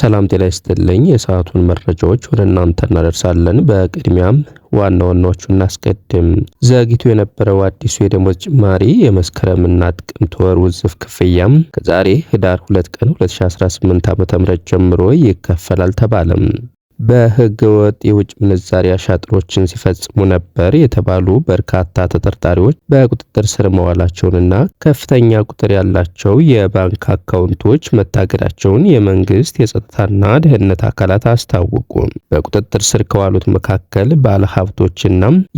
ሰላም ጤና ይስጥልኝ። የሰዓቱን መረጃዎች ወደ እናንተ እናደርሳለን። በቅድሚያም ዋና ዋናዎቹ እናስቀድም። ዘግይቶ የነበረው አዲሱ የደሞዝ ጭማሪ፣ የመስከረምና ጥቅምት ወር ውዝፍ ክፍያም ከዛሬ ህዳር 2 ቀን 2018 ዓ.ም ጀምሮ ይከፈላል ተባለም። በህገ ወጥ የውጭ ምንዛሪ አሻጥሮችን ሲፈጽሙ ነበር የተባሉ በርካታ ተጠርጣሪዎች በቁጥጥር ስር መዋላቸውንና ከፍተኛ ቁጥር ያላቸው የባንክ አካውንቶች መታገዳቸውን የመንግስት የጸጥታና ደህንነት አካላት አስታወቁ። በቁጥጥር ስር ከዋሉት መካከል ባለሀብቶችና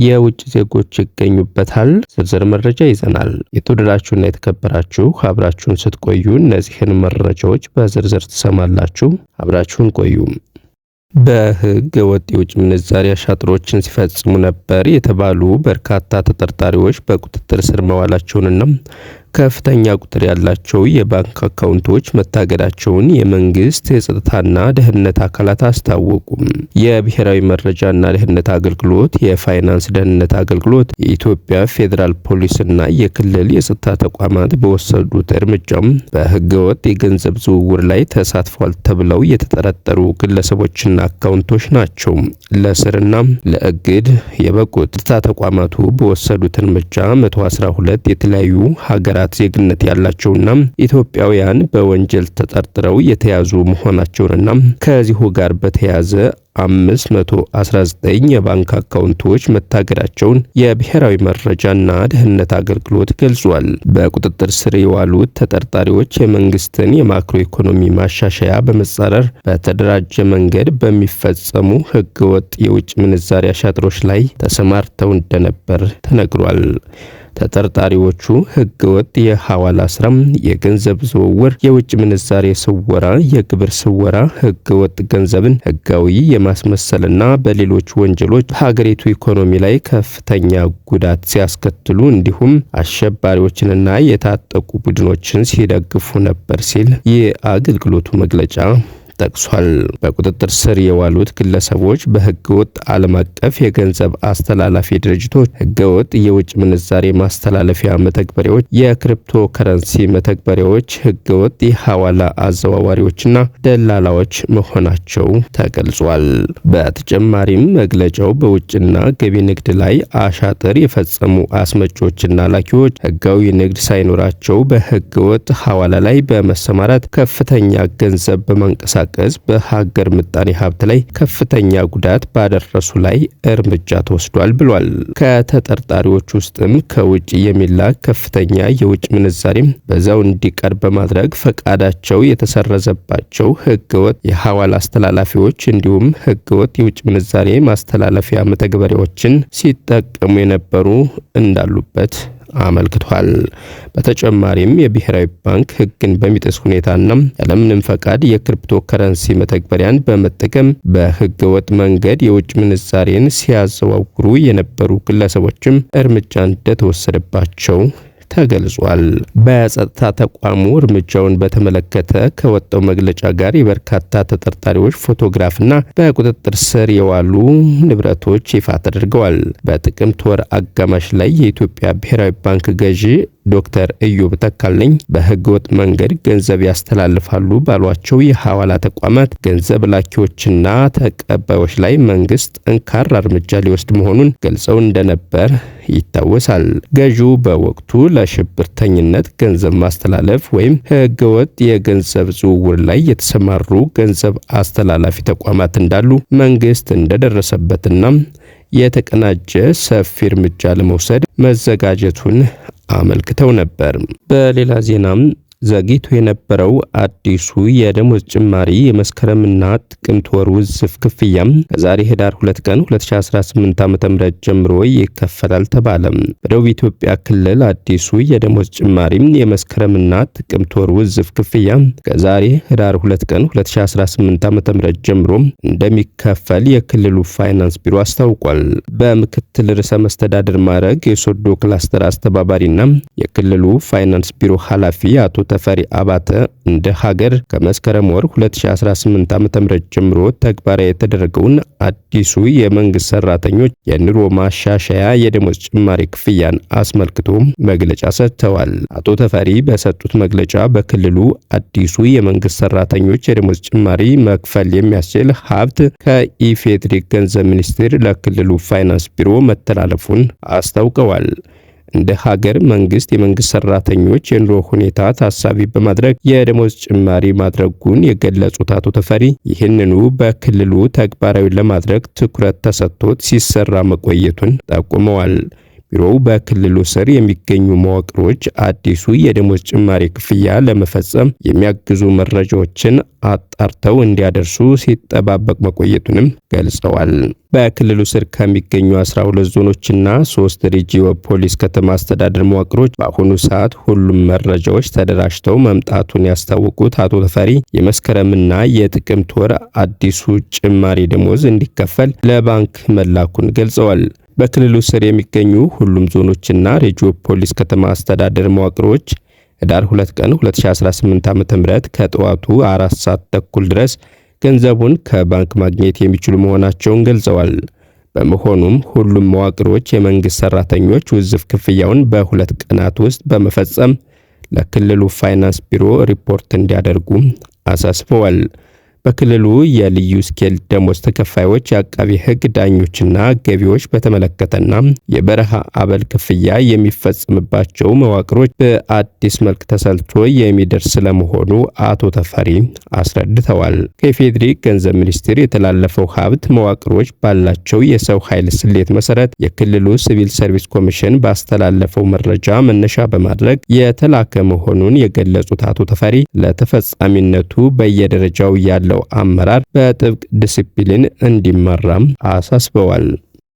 የውጭ ዜጎች ይገኙበታል። ዝርዝር መረጃ ይዘናል። የተወደዳችሁና የተከበራችሁ አብራችሁን ስትቆዩ እነዚህን መረጃዎች በዝርዝር ትሰማላችሁ። አብራችሁን ቆዩ። በህግ ወጥ የውጭ ምንዛሪ አሻጥሮችን ሲፈጽሙ ነበር የተባሉ በርካታ ተጠርጣሪዎች በቁጥጥር ስር መዋላቸውንና ከፍተኛ ቁጥር ያላቸው የባንክ አካውንቶች መታገዳቸውን የመንግስት የጸጥታና ደህንነት አካላት አስታወቁም። የብሔራዊ መረጃና ደህንነት አገልግሎት፣ የፋይናንስ ደህንነት አገልግሎት፣ የኢትዮጵያ ፌዴራል ፖሊስና የክልል የጸጥታ ተቋማት በወሰዱት እርምጃም በህገወጥ የገንዘብ ዝውውር ላይ ተሳትፏል ተብለው የተጠረጠሩ ግለሰቦችና አካውንቶች ናቸው ለስርና ለእግድ የበቁት። ጸጥታ ተቋማቱ በወሰዱት እርምጃ 112 የተለያዩ ሀገራ ሀገራት ዜግነት ያላቸውና ኢትዮጵያውያን በወንጀል ተጠርጥረው የተያዙ መሆናቸውንና ከዚሁ ጋር በተያያዘ 519 የባንክ አካውንቶች መታገዳቸውን የብሔራዊ መረጃና ደህንነት አገልግሎት ገልጿል። በቁጥጥር ስር የዋሉት ተጠርጣሪዎች የመንግስትን የማክሮ ኢኮኖሚ ማሻሻያ በመጻረር በተደራጀ መንገድ በሚፈጸሙ ህገወጥ የውጭ ምንዛሪ አሻጥሮች ላይ ተሰማርተው እንደነበር ተነግሯል። ተጠርጣሪዎቹ ህገወጥ የሐዋላ ስራም፣ የገንዘብ ዝውውር፣ የውጭ ምንዛሬ ስወራ፣ የግብር ስወራ፣ ህገወጥ ገንዘብን ህጋዊ የማስመሰልና በሌሎች ወንጀሎች በሀገሪቱ ኢኮኖሚ ላይ ከፍተኛ ጉዳት ሲያስከትሉ እንዲሁም አሸባሪዎችንና የታጠቁ ቡድኖችን ሲደግፉ ነበር ሲል የአገልግሎቱ መግለጫ ጠቅሷል። በቁጥጥር ስር የዋሉት ግለሰቦች በህገወጥ ዓለም አቀፍ የገንዘብ አስተላላፊ ድርጅቶች፣ ህገወጥ የውጭ ምንዛሬ ማስተላለፊያ መተግበሪያዎች፣ የክሪፕቶ ከረንሲ መተግበሪያዎች፣ ህገወጥ የሐዋላ አዘዋዋሪዎችና ደላላዎች መሆናቸው ተገልጿል። በተጨማሪም መግለጫው በውጭና ገቢ ንግድ ላይ አሻጥር የፈጸሙ አስመጪዎችና ላኪዎች ህጋዊ ንግድ ሳይኖራቸው በህገወጥ ሐዋላ ላይ በመሰማራት ከፍተኛ ገንዘብ በማንቀሳቀስ መታቀዝ በሀገር ምጣኔ ሀብት ላይ ከፍተኛ ጉዳት ባደረሱ ላይ እርምጃ ተወስዷል ብሏል። ከተጠርጣሪዎች ውስጥም ከውጭ የሚላክ ከፍተኛ የውጭ ምንዛሬም በዛው እንዲቀር በማድረግ ፈቃዳቸው የተሰረዘባቸው ህገወጥ የሐዋላ አስተላላፊዎች እንዲሁም ህገወጥ የውጭ ምንዛሬ ማስተላለፊያ መተግበሪያዎችን ሲጠቀሙ የነበሩ እንዳሉበት አመልክቷል። በተጨማሪም የብሔራዊ ባንክ ህግን በሚጥስ ሁኔታና ያለምንም ፈቃድ የክሪፕቶ ከረንሲ መተግበሪያን በመጠቀም በህገወጥ መንገድ የውጭ ምንዛሬን ሲያዘዋውሩ የነበሩ ግለሰቦችም እርምጃ እንደተወሰደባቸው ተገልጿል። በጸጥታ ተቋሙ እርምጃውን በተመለከተ ከወጣው መግለጫ ጋር የበርካታ ተጠርጣሪዎች ፎቶግራፍና በቁጥጥር ስር የዋሉ ንብረቶች ይፋ ተደርገዋል። በጥቅምት ወር አጋማሽ ላይ የኢትዮጵያ ብሔራዊ ባንክ ገዢ ዶክተር ኢዮብ ተካልኝ በህገወጥ መንገድ ገንዘብ ያስተላልፋሉ ባሏቸው የሐዋላ ተቋማት ገንዘብ ላኪዎችና ተቀባዮች ላይ መንግስት ጠንካራ እርምጃ ሊወስድ መሆኑን ገልጸው እንደነበር ይታወሳል። ገዢው በወቅቱ ለሽብርተኝነት ገንዘብ ማስተላለፍ ወይም ህገወጥ የገንዘብ ዝውውር ላይ የተሰማሩ ገንዘብ አስተላላፊ ተቋማት እንዳሉ መንግስት እንደደረሰበትና የተቀናጀ ሰፊ እርምጃ ለመውሰድ መዘጋጀቱን አመልክተው ነበር። በሌላ ዜናም ዘግይቶ የነበረው አዲሱ የደሞዝ ጭማሪ የመስከረምና ጥቅምት ወር ውዝፍ ክፍያም ከዛሬ ህዳር 2 ቀን 2018 ዓ.ም ጀምሮ ይከፈላል ተባለ። በደቡብ ኢትዮጵያ ክልል አዲሱ የደሞዝ ጭማሪም የመስከረምና ጥቅምት ወር ውዝፍ ክፍያ ከዛሬ ህዳር 2 ቀን 2018 ዓ.ም ጀምሮ እንደሚከፈል የክልሉ ፋይናንስ ቢሮ አስታውቋል። በምክትል ርዕሰ መስተዳድር ማዕረግ የሶዶ ክላስተር አስተባባሪና የክልሉ ፋይናንስ ቢሮ ኃላፊ አቶ ተፈሪ አባተ እንደ ሀገር ከመስከረም ወር 2018 ዓ.ም ጀምሮ ተግባራዊ የተደረገውን አዲሱ የመንግስት ሰራተኞች የኑሮ ማሻሻያ የደሞዝ ጭማሪ ክፍያን አስመልክቶ መግለጫ ሰጥተዋል። አቶ ተፈሪ በሰጡት መግለጫ በክልሉ አዲሱ የመንግስት ሰራተኞች የደሞዝ ጭማሪ መክፈል የሚያስችል ሀብት ከኢፌትሪክ ገንዘብ ሚኒስቴር ለክልሉ ፋይናንስ ቢሮ መተላለፉን አስታውቀዋል። እንደ ሀገር መንግስት የመንግስት ሰራተኞች የኑሮ ሁኔታ ታሳቢ በማድረግ የደሞዝ ጭማሪ ማድረጉን የገለጹት አቶ ተፈሪ ይህንኑ በክልሉ ተግባራዊ ለማድረግ ትኩረት ተሰጥቶት ሲሰራ መቆየቱን ጠቁመዋል። ቢሮው በክልሉ ስር የሚገኙ መዋቅሮች አዲሱ የደሞዝ ጭማሪ ክፍያ ለመፈጸም የሚያግዙ መረጃዎችን አጣርተው እንዲያደርሱ ሲጠባበቅ መቆየቱንም ገልጸዋል። በክልሉ ስር ከሚገኙ 12 ዞኖችና 3 ሪጂዮ ፖሊስ ከተማ አስተዳደር መዋቅሮች በአሁኑ ሰዓት ሁሉም መረጃዎች ተደራጅተው መምጣቱን ያስታወቁት አቶ ተፈሪ የመስከረምና የጥቅምት ወር አዲሱ ጭማሪ ደሞዝ እንዲከፈል ለባንክ መላኩን ገልጸዋል። በክልሉ ስር የሚገኙ ሁሉም ዞኖችና ሬጂዮ ፖሊስ ከተማ አስተዳደር መዋቅሮች ህዳር 2 ቀን 2018 ዓ.ም ከጠዋቱ አራት ሰዓት ተኩል ድረስ ገንዘቡን ከባንክ ማግኘት የሚችሉ መሆናቸውን ገልጸዋል። በመሆኑም ሁሉም መዋቅሮች የመንግሥት ሠራተኞች ውዝፍ ክፍያውን በሁለት ቀናት ውስጥ በመፈጸም ለክልሉ ፋይናንስ ቢሮ ሪፖርት እንዲያደርጉ አሳስበዋል። በክልሉ የልዩ ስኬል ደሞዝ ተከፋዮች የአቃቢ ህግ ዳኞችና ገቢዎች በተመለከተና የበረሃ አበል ክፍያ የሚፈጽምባቸው መዋቅሮች በአዲስ መልክ ተሰልቶ የሚደርስ ስለመሆኑ አቶ ተፈሪ አስረድተዋል። ከኢፌዴሪ ገንዘብ ሚኒስቴር የተላለፈው ሀብት መዋቅሮች ባላቸው የሰው ኃይል ስሌት መሰረት የክልሉ ሲቪል ሰርቪስ ኮሚሽን ባስተላለፈው መረጃ መነሻ በማድረግ የተላከ መሆኑን የገለጹት አቶ ተፈሪ ለተፈጻሚነቱ በየደረጃው ያለው ያለው አመራር በጥብቅ ዲሲፕሊን እንዲመራም አሳስበዋል።